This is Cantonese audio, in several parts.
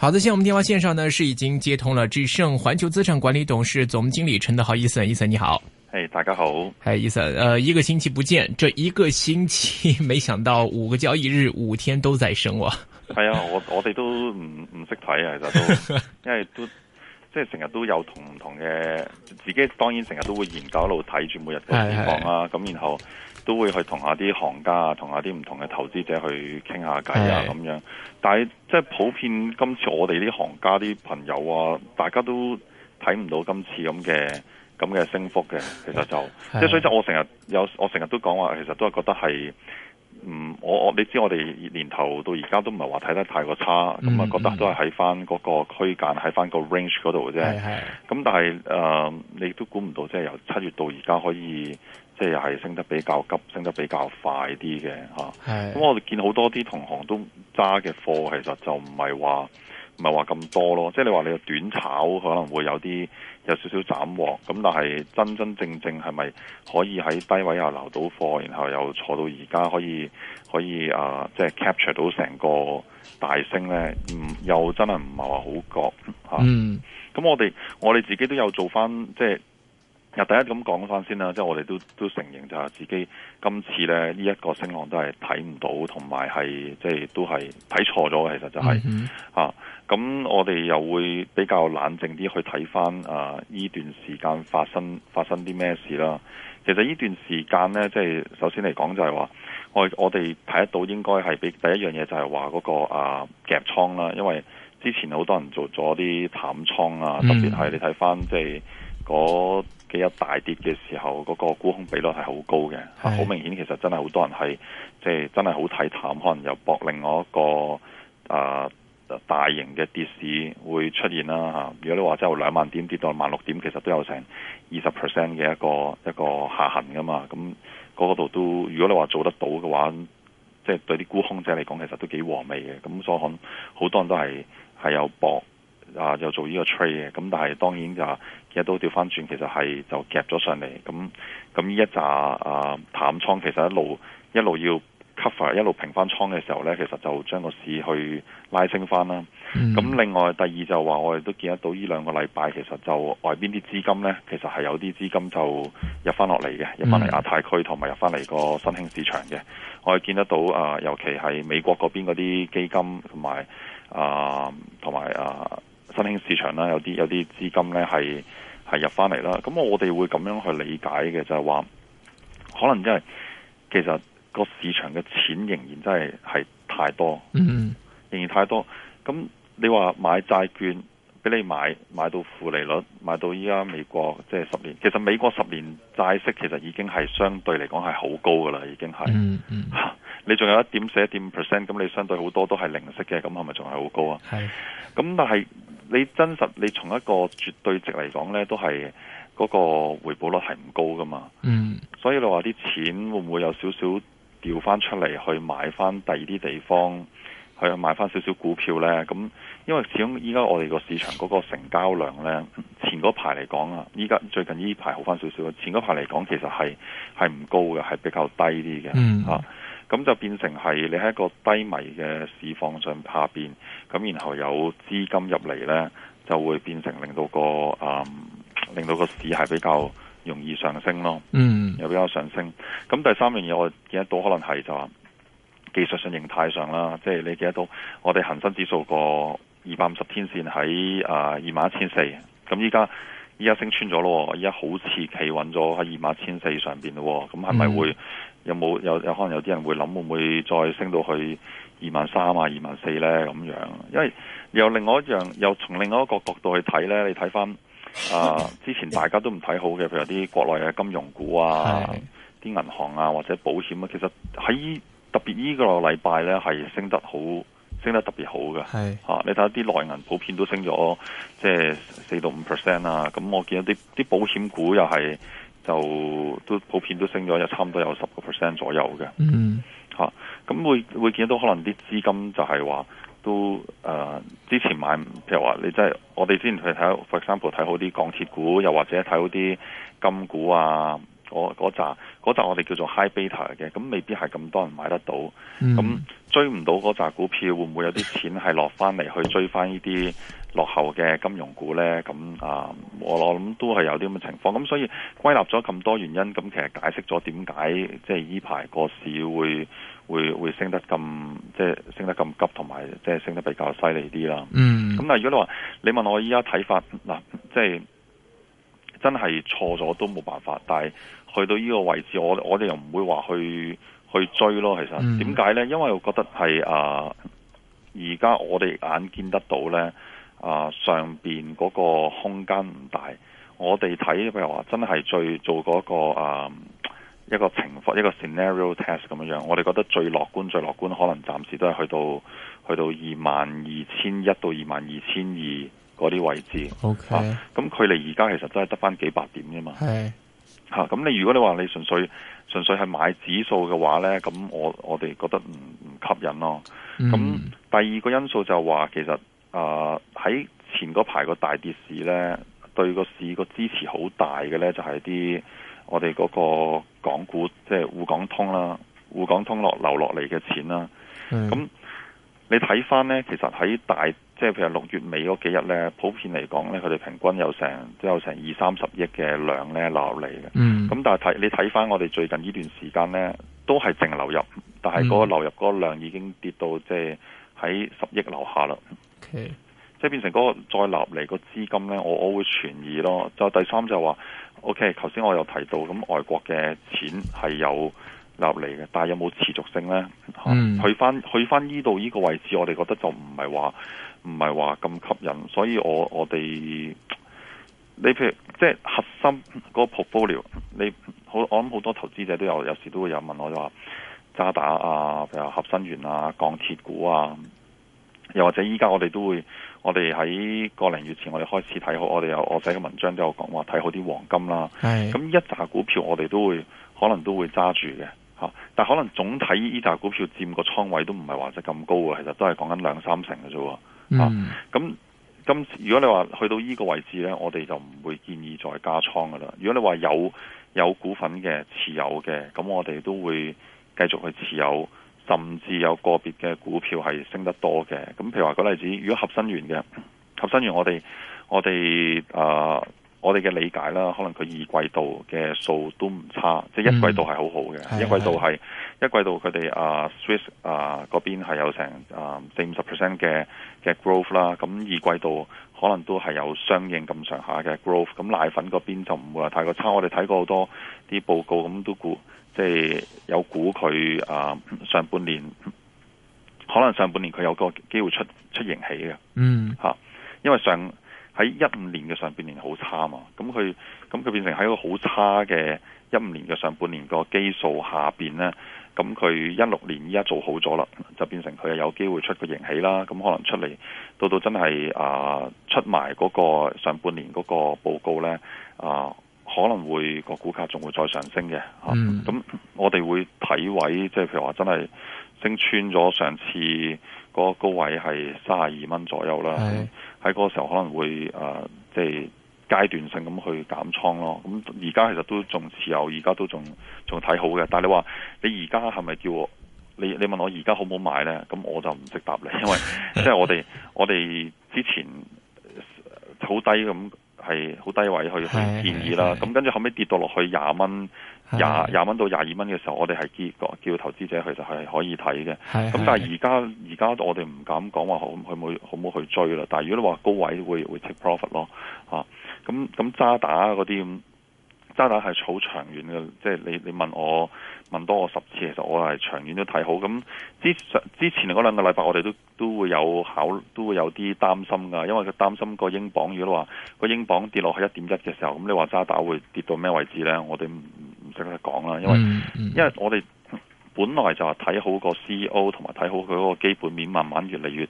好的，現在我們電話線上呢是已經接通了，智盛環球資產管理董事總經理陳德豪 Ethan，Ethan，你好，嗨，hey, 大家好，嗨，Ethan，呃，一個星期不見，這一個星期，沒想到五個交易日五天都在升我係啊， yeah, 我我哋都唔唔識睇啊，其實都，因為都即係成日都有同唔同嘅，自己當然成日都會研究一路睇住每日嘅情況啊，咁 Hey, hey. 然後，都會去同下啲行家啊，同下啲唔同嘅投資者去傾下偈啊，咁的樣。但係即係普遍今次我哋啲行家啲朋友啊，大家都睇唔到今次咁嘅咁嘅升幅嘅。其實就的即所以即我成日有我成日都講話，其實都係覺得係嗯，我我你知我哋年頭到而家都唔係話睇得太過差，咁啊、嗯、覺得都係喺翻嗰個區間喺翻個 range 嗰度嘅啫。咁的但係誒、呃，你都估唔到即係由七月到而家可以。即係又係升得比較急，升得比較快啲嘅嚇。咁、啊是嗯、我哋見好多啲同行都揸嘅貨，其實就唔係話唔係話咁多咯。即、就、係、是、你話你嘅短炒可能會有啲有少少斬獲，咁但係真真正正係咪可以喺低位又留到貨，然後又坐到而家可以可以啊，即、就、係、是、capture 到成個大升咧？嗯，又真係唔係話好覺嚇。啊、嗯、咁、嗯、我哋我哋自己都有做翻即係。就是第一咁講翻先啦，即係我哋都都承認就係自己今次咧呢一、呢個升浪都係睇唔到，同埋係即係都係睇錯咗。其實就係、是、咁、mm hmm. 啊、我哋又會比較冷靜啲去睇翻啊！呢段時間發生發生啲咩事啦？其實呢段時間咧，即係首先嚟講就係話我我哋睇得到應該係比第一樣嘢就係話嗰個啊夾倉啦，因為之前好多人做咗啲淡倉啊，特別係、mm hmm. 你睇翻即係嗰。嘅一大跌嘅時候，嗰個沽空比率係好高嘅，嚇好的明顯其實真係好多人係即係真係好睇淡，可能又博另外一個啊、呃、大型嘅跌市會出現啦嚇、啊。如果你話即係由兩萬點跌到萬六點，其實都有成二十 percent 嘅一個一個下行噶嘛。咁嗰度都如果你話做得到嘅話，即係對啲沽空者嚟講其實都幾和味嘅。咁所以可能好多人都係係有博，啊，又做呢個 trade 嘅，咁但係當然就見得到調翻轉，其實係就夾咗上嚟。咁咁呢一扎啊淡倉，其實一路一路要 cover，一路平翻倉嘅時候咧，其實就將個市去拉升翻啦。咁、嗯、另外第二就話，我哋都見得到呢兩個禮拜，其實就外邊啲資金咧，其實係有啲資金就入翻落嚟嘅，入翻嚟亞太區同埋入翻嚟個新興市場嘅。我哋見得到啊，尤其係美國嗰邊嗰啲基金同埋啊同埋啊。新興市場啦，有啲有啲資金咧係係入翻嚟啦。咁我哋會咁樣去理解嘅，就係話可能因為其實個市場嘅錢仍然真係係太多，嗯，仍然太多。咁你話買債券俾你買，買到負利率，買到依家美國即係十年，其實美國十年債息其實已經係相對嚟講係好高噶啦，已經係，嗯，嗯，啊，你仲有一點四一點五 percent，咁你相對好多都係零息嘅，咁係咪仲係好高啊？係，咁但係。你真實你從一個絕對值嚟講呢，都係嗰個回報率係唔高噶嘛。嗯。所以你話啲錢會唔會有少少掉翻出嚟去買翻第二啲地方，去買翻少少股票呢？咁因為始終依家我哋個市場嗰個成交量呢，前嗰排嚟講啊，依家最近呢排好翻少少。前嗰排嚟講其實係係唔高嘅，係比較低啲嘅。嗯。吓。咁就變成係你喺一個低迷嘅市況上下邊，咁然後有資金入嚟呢，就會變成令到個啊、嗯、令到個市係比較容易上升咯。嗯，又比較上升。咁第三樣嘢我記得到可能係就話技術上形態上啦，即、就、係、是、你記得到我哋恒生指數個二百五十天線喺啊二萬一千四，咁依家依家升穿咗咯，依家好似企穩咗喺二萬一千四上面咯，咁係咪會？有冇有有可能有啲人會諗會唔會再升到去二萬三啊、二萬四呢？咁樣？因為又另外一樣，又從另外一個角度去睇呢。你睇翻啊之前大家都唔睇好嘅，譬如啲國內嘅金融股啊、啲 銀行啊或者保險啊，其實喺特別呢個禮拜呢，係升得好，升得特別好嘅、 啊。你睇下啲內銀普遍都升咗即係四到五 percent 啊。咁我見到啲啲保險股又係。就都普遍都升咗，有差唔多有十個 percent 左右嘅。嗯、mm. 啊，咁會會見到可能啲資金就係話都誒、呃、之前買，譬如話你即、就、係、是、我哋之前去睇 for example 睇好啲鋼鐵股，又或者睇好啲金股啊，嗰嗰扎嗰紮我哋叫做 high beta 嘅，咁未必係咁多人買得到。咁、mm. 追唔到嗰扎股票，會唔會有啲錢係落翻嚟去追翻呢啲？落後嘅金融股呢，咁啊，我諗都係有啲咁嘅情況。咁所以歸納咗咁多原因，咁其實解釋咗點解即係呢排個市會會會升得咁即係升得咁急，同埋即係升得比較犀利啲啦。咁、mm hmm. 但係如果你話你問我依家睇法，嗱、啊，即係真係錯咗都冇辦法，但係去到呢個位置，我我哋又唔會話去去追咯。其實點解、mm hmm. 呢？因為我覺得係啊，而家我哋眼見得到呢。啊，上邊嗰個空間唔大，我哋睇譬如話，真係最做嗰、那個啊一個情況，一個，個 scenario test 咁樣樣，我哋覺得最樂觀、最樂觀可能暫時都係去到去到二萬二千一到二萬二千二嗰啲位置。O K，咁距離而家其實真係得翻幾百點啫嘛。係是，吓、啊，咁你如果你話你純粹純粹係買指數嘅話咧，咁我我哋覺得唔唔吸引咯。咁、嗯、第二個因素就係話其實。啊！喺、呃、前嗰排個大跌市咧，對個市個支持好大嘅咧，就係、是、啲我哋嗰個港股，即係滬港通啦，滬港通落流落嚟嘅錢啦。咁是、嗯、你睇翻咧，其實喺大即係譬如六月尾嗰幾日咧，普遍嚟講咧，佢哋平均有成都有成二三十億嘅量咧流入嚟嘅。咁、嗯嗯、但係睇你睇翻我哋最近呢段時間咧，都係淨流入，但係嗰流入嗰量已經跌到即係喺十億樓下啦。Okay. 即係變成嗰個再納嚟個資金咧，我我會存疑咯。就第三就話，OK，頭先我有提到咁外國嘅錢係有納嚟嘅，但係有冇持續性咧、嗯？去翻去翻呢度呢個位置，我哋覺得就唔係話唔係話咁吸引，所以我我哋你譬如即係核心嗰個 portfolio，你我我諗好多投資者都有有時都會有問我話渣打啊，譬如合生元啊、鋼鐵股啊。又或者依家我哋都會，我哋喺個零月前我哋開始睇好，我哋有我寫嘅文章都有講話睇好啲黃金啦。咁是的 一扎股票我哋都會可能都會揸住嘅，嚇、啊！但可能總體依扎股票佔個倉位都唔係話即咁高嘅，其實都係講緊兩三成嘅啫。咁、啊嗯、今次如果你話去到依個位置呢，我哋就唔會建議再加倉噶啦。如果你話有有股份嘅持有嘅，咁我哋都會繼續去持有。甚至有個別嘅股票係升得多嘅，咁譬如話舉例子，如果合生元嘅合生元，我哋、呃、我哋啊我哋嘅理解啦，可能佢二季度嘅數都唔差，嗯、即係一季度係好好嘅是，一季度係一季度佢哋啊 Swiss 啊嗰邊係有成啊四五十 percent 嘅嘅 growth 啦，咁二季度可能都係有相應咁上下嘅 growth，咁奶粉嗰邊就唔會話太過差，我哋睇過好多啲報告咁都估。即係有估佢啊，上半年可能上半年佢有個機會出出盈喜嘅，嗯吓，因為上喺一五年嘅上半年好差嘛，咁佢咁佢變成喺一個好差嘅一五年嘅上半年個基數下邊呢，咁佢一六年依家做好咗啦，就變成佢有有機會出個盈喜啦，咁可能出嚟到到真係啊、呃、出埋嗰個上半年嗰個報告呢。啊、呃。可能會個股價仲會再上升嘅，嚇、嗯。咁我哋會睇位，即係譬如話真係升穿咗上次嗰個高位係三十二蚊左右啦。喺嗰是個時候可能會即係、呃即係、階段性咁去減倉咯。咁而家其實都仲持有，而家都仲仲睇好嘅。但係你話你而家係咪叫我你你問我而家好唔好買咧？咁我就唔識答你，因為即係我哋 我哋之前好低咁。係好低位去去建議啦，咁跟住後尾跌到落去廿蚊，廿廿蚊到廿二蚊嘅時候，我哋係叫叫投資者其實係可以睇嘅。咁是但係而家而家我哋唔敢講話好，好唔好去追啦。但係如果你話高位會會 take profit 咯，咁咁渣打嗰啲渣打係炒長遠嘅，即係你你問我問多我十次，其實我係長遠都睇好。咁之之前嗰兩個禮拜，我哋都都會有考，都會有啲擔心㗎。因為佢擔心個英鎊，如果話個英鎊跌落去一點一嘅時候，咁你話渣打會跌到咩位置咧？我哋唔唔識得講啦。因為、嗯嗯、因為我哋本來就係睇好個 CEO 同埋睇好佢嗰個基本面，慢慢越嚟越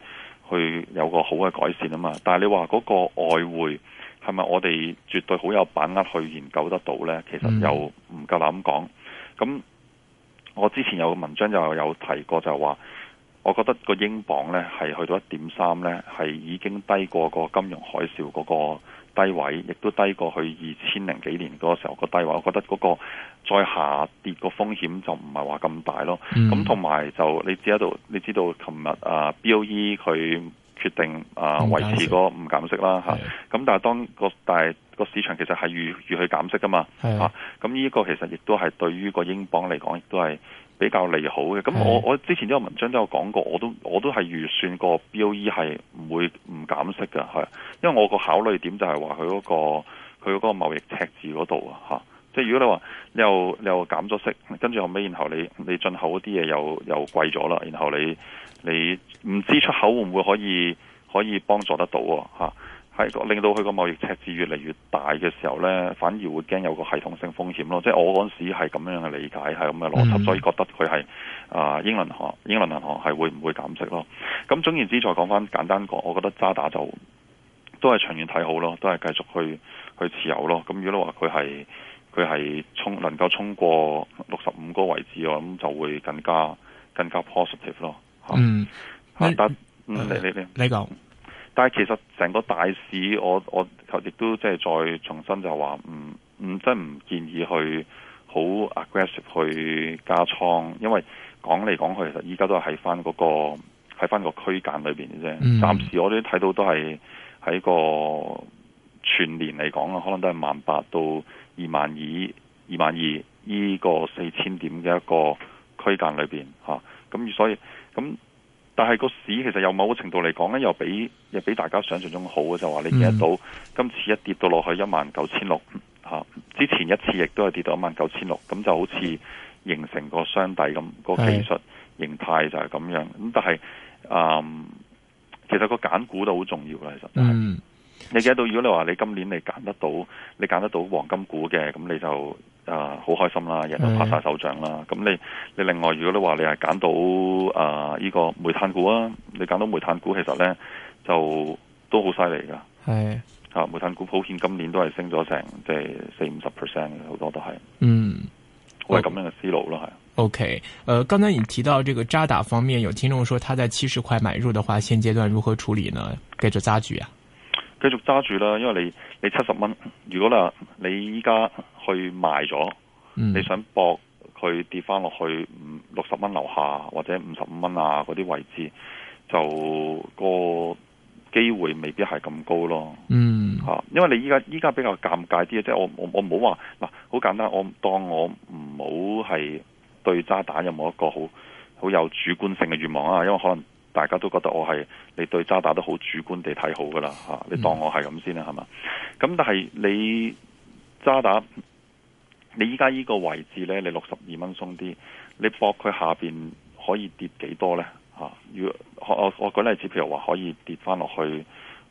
去有個好嘅改善啊嘛。但係你話嗰個外匯。係咪我哋絕對好有把握去研究得到呢？其實又唔夠膽講。咁我之前有個文章又有提過，就係、是、話，我覺得個英鎊呢係去到一點三呢，係已經低過個金融海嘯嗰個低位，亦都低過去二千零幾年嗰個時候個低位。我覺得嗰個再下跌個風險就唔係話咁大咯。咁同埋就你知度，你知道琴日啊，B O E 佢。決定啊，維持個唔減息啦，咁的但係當個但係個市場其實係預預去減息噶嘛嚇，咁呢的、啊、個其實亦都係對於個英鎊嚟講亦都係比較利好嘅。咁我我之前呢個文章都有講過，我都我都係預算個 B O E 係唔會唔減息嘅，係因為我個考慮點就係話佢嗰個佢嗰個貿易赤字嗰度啊即係如果你話你又又減咗息，跟住後尾，然後你你進口啲嘢又又貴咗啦，然後你你唔知出口會唔會可以可以幫助得到喎？係、啊、令到佢個貿易赤字越嚟越大嘅時候咧，反而會驚有個系統性風險咯。即係我嗰時係咁樣嘅理解，係咁嘅邏輯，所以覺得佢係啊英倫行英倫銀行係會唔會減息咯？咁總言之，再講翻簡單講，我覺得渣打就都係長遠睇好咯，都係繼續去去持有咯。咁如果你話佢係，佢係衝能夠衝過六十五個位置我諗，咁就會更加更加 positive 咯。嗯，但嗯你你你你講，但係其實成個大市我，我我亦都即係再重新就話，唔、嗯、唔、嗯、真唔建議去好 aggressive 去加倉，因為講嚟講去，其實依家都係喺翻嗰個喺翻個區間裏邊嘅啫。暫、嗯、時我哋睇到都係喺個。全年嚟講啊，可能都係萬八到二萬二、二萬二呢個四千點嘅一個區間裏面。咁、啊嗯、所以咁、嗯，但係個市其實有某個程度嚟講咧，又比又比大家想象中好嘅，就話、是、你見得到、嗯、今次一跌到落去一萬九千六，之前一次亦都係跌到一萬九千六，咁就好似形成個雙底咁個技術形態就係咁樣。咁是但係、嗯，其實個揀股都好重要嘅，其實、就是。嗯你睇到，如果你話你今年你揀得到，你揀得到黃金股嘅，咁你就啊好、呃、開心啦，日都拍晒手掌啦。咁、嗯、你你另外如果你話你係揀到啊呢個煤炭股啊，你揀到煤炭股其實咧就都好犀利噶。係啊、嗯，煤炭股普遍今年都係升咗成即係四五十 percent 嘅，好多都係。嗯，我係咁樣嘅思路咯，係。O K，誒，剛才你提到這個渣打方面，有聽眾說他在七十塊買入嘅話，現階段如何處理呢？繼續揸住。啊？繼續揸住啦，因為你你七十蚊，如果啦你依家去賣咗，嗯、你想搏佢跌翻落去五六十蚊樓下，或者五十五蚊啊嗰啲位置，就個機會未必係咁高咯。嗯，因為你依家依家比較尷尬啲啊，即係我我我唔好話嗱，好簡單，我當我唔好係對揸蛋有冇一個好好有主觀性嘅願望啊，因為可能。大家都覺得我係你對渣打都好主觀地睇好噶啦嚇，你當我係咁先啦，係嘛、嗯？咁但係你渣打你依家依個位置咧，你六十二蚊鬆啲，你博佢下邊可以跌幾多咧？嚇、啊！如我我我舉例只譬如話可以跌翻落去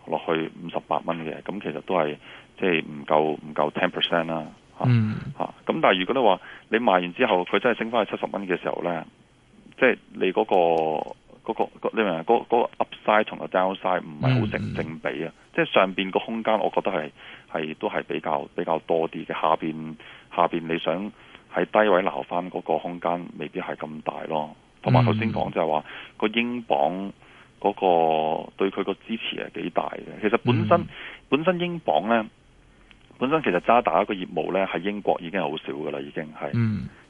落去五十八蚊嘅，咁其實都係即係唔夠唔夠 ten percent 啦嚇嚇。咁、啊嗯啊、但係如果你話你賣完之後佢真係升翻去七十蚊嘅時候咧，即、就、係、是、你嗰、那個。嗰、那個你明啊？嗰、那個 upside 同個 downside 唔係好成正，、mm hmm. 正比啊！即係上邊個空間，我覺得係係都係比較比較多啲嘅。下邊下邊你想喺低位鬧翻嗰個空間，未必係咁大咯。同埋頭先講就係話、mm hmm. 個英鎊嗰個對佢個支持係幾大嘅。其實本身、mm hmm. 本身英鎊咧，本身其實渣打一個業務咧，喺英國已經好少㗎喇，已經係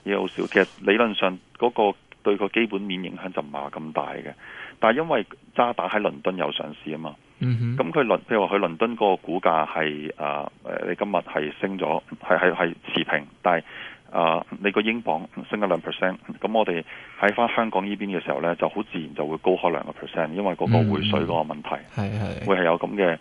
已經好少。其實理論上嗰、那個。對個基本面影響就唔係咁大嘅，但係因為渣打喺倫敦有上市啊嘛，咁佢譬如話佢倫敦嗰個股價係啊你今日係升咗，係係係持平，但係啊、呃、你個英鎊升咗兩 percent，咁我哋喺返香港呢邊嘅時候咧，就好自然就會高開兩個 percent，因為嗰個匯水嗰個問題係係、嗯、會係有咁嘅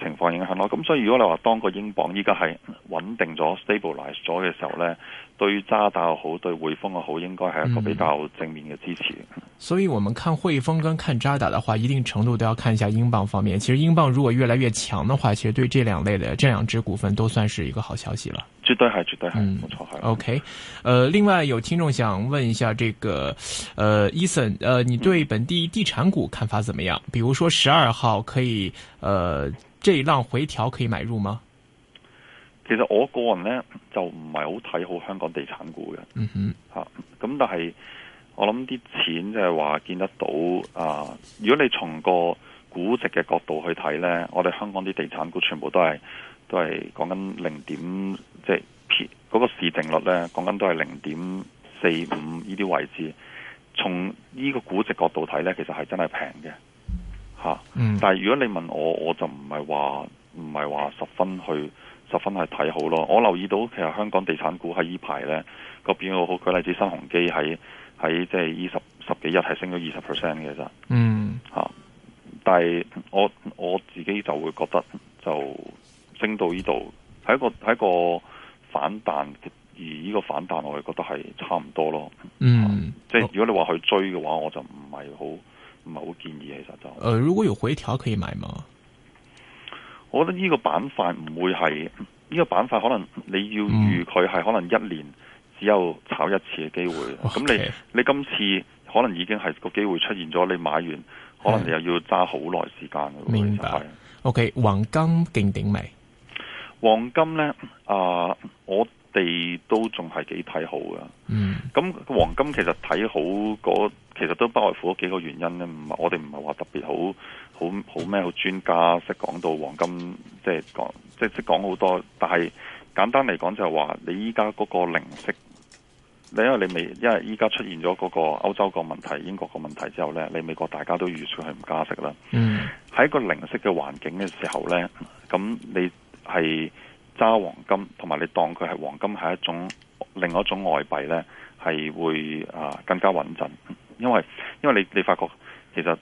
情況影響咯，咁所以如果你話當個英鎊依家係穩定咗、stabilise 咗嘅時候呢，對於渣打又好，對匯豐又好，應該係一個比較正面嘅支持、嗯。所以我們看匯豐跟看渣打的話，一定程度都要看一下英鎊方面。其實英鎊如果越來越強的話，其實對這兩類的這兩隻股份都算是一個好消息了。絕對係，絕對係，冇錯係。OK，呃，另外有聽眾想問一下，這個，呃，Eason，呃，你對本地地產股看法怎麼樣？比如說十二號可以，呃。這一浪回調可以買入嗎？其實我個人呢，就唔係好睇好香港地產股嘅，嗯哼，吓咁、啊、但係我諗啲錢即係話見得到啊、呃！如果你從個估值嘅角度去睇呢，我哋香港啲地產股全部都係都係講緊零點，即係嗰個市淨率呢，講緊都係零點四五呢啲位置。從呢個估值角度睇呢，其實係真係平嘅。吓，嗯、但係如果你問我，我就唔係話唔係話十分去，十分去睇好咯。我留意到其實香港地產股喺呢排咧個表現好，舉例子新鴻基喺喺即係二十十幾日係升咗二十 percent 嘅咋。嗯，吓、啊，但係我我自己就會覺得就升到呢度，係一個係一個反彈，而呢個反彈我哋覺得係差唔多咯。嗯，即係、啊就是、如果你話去追嘅話，我就唔係好。唔係好建議，其實就。呃，如果有回調可以買嗎？我覺得呢個板塊唔會係，呢、呢個板塊可能你要預佢係可能一年只有炒一次嘅機會。咁、嗯、你 Okay. 你今次可能已經係個機會出現咗，你買完可能你又要揸好耐時間。白 OK，黃金勁頂未？黃金呢？啊、呃，我。地都仲係幾睇好嘅，咁黃金其實睇好嗰其實都不外乎嗰幾個原因咧，唔係我哋唔係話特別好好好咩好專家識講到黃金，即係講即係講好多，但係簡單嚟講就係話你依家嗰個零息，你因為你未，因為依家出現咗嗰個歐洲個問題、英國個問題之後咧，你美國大家都預算係唔加息啦，喺、嗯、個零息嘅環境嘅時候咧，咁你係。揸黃金，同埋你當佢係黃金係一種另外一種外幣呢，係會啊、呃、更加穩陣，因為因為你你發覺其實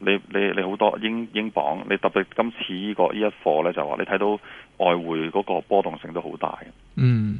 你你好多英英鎊你特別今次呢、呢個依一課呢，就話、是、你睇到外匯嗰個波動性都好大，嗯、mm，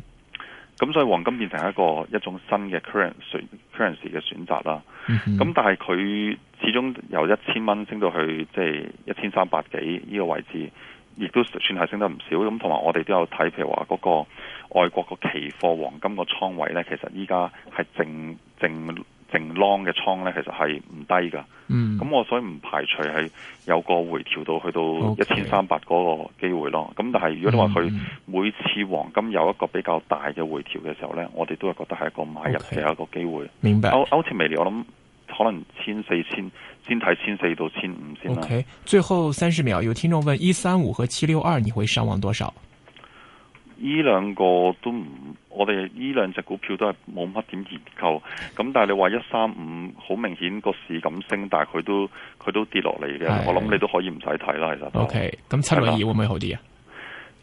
咁、hmm. 所以黃金變成一個一種新嘅 currency currency 嘅選擇啦，咁、mm hmm. 但係佢始終由一千蚊升到去即係一千三百幾呢個位置。亦都算係升得唔少，咁同埋我哋都有睇，譬如話嗰個外國個期貨黃金個倉位咧，其實依家係淨淨淨 long 嘅倉咧，其實係唔低噶。嗯，咁我所以唔排除係有個回調到去到一千三百嗰個機會咯。咁但係如果你話佢每次黃金有一個比較大嘅回調嘅時候咧，我哋都係覺得係一個買入嘅一個機會。Okay, 明白。歐歐似未嚟，我諗。可能千四千先睇千四到千五先啦。OK，最後三十秒，有聽眾問一三五和七六二你會上望多少？依兩個都唔，我哋依兩隻股票都係冇乜點研究。咁但係你話一三五好明顯個市咁升，但係佢都佢都跌落嚟嘅。唉我諗你都可以唔使睇啦，其實。OK，咁七六二會唔會好啲啊？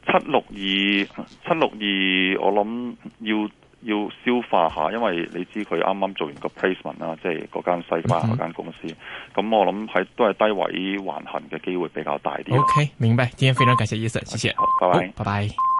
七六二七六二，我諗要。要消化下，因為你知佢啱啱做完個 placement 啦，即係嗰間間西班牙嗰公司。咁、嗯、哼我諗喺都係低位橫行嘅機會比較大啲。O.K. 明白，今天非常感謝 Ethan，謝謝。Okay, 好，拜拜。哦 bye bye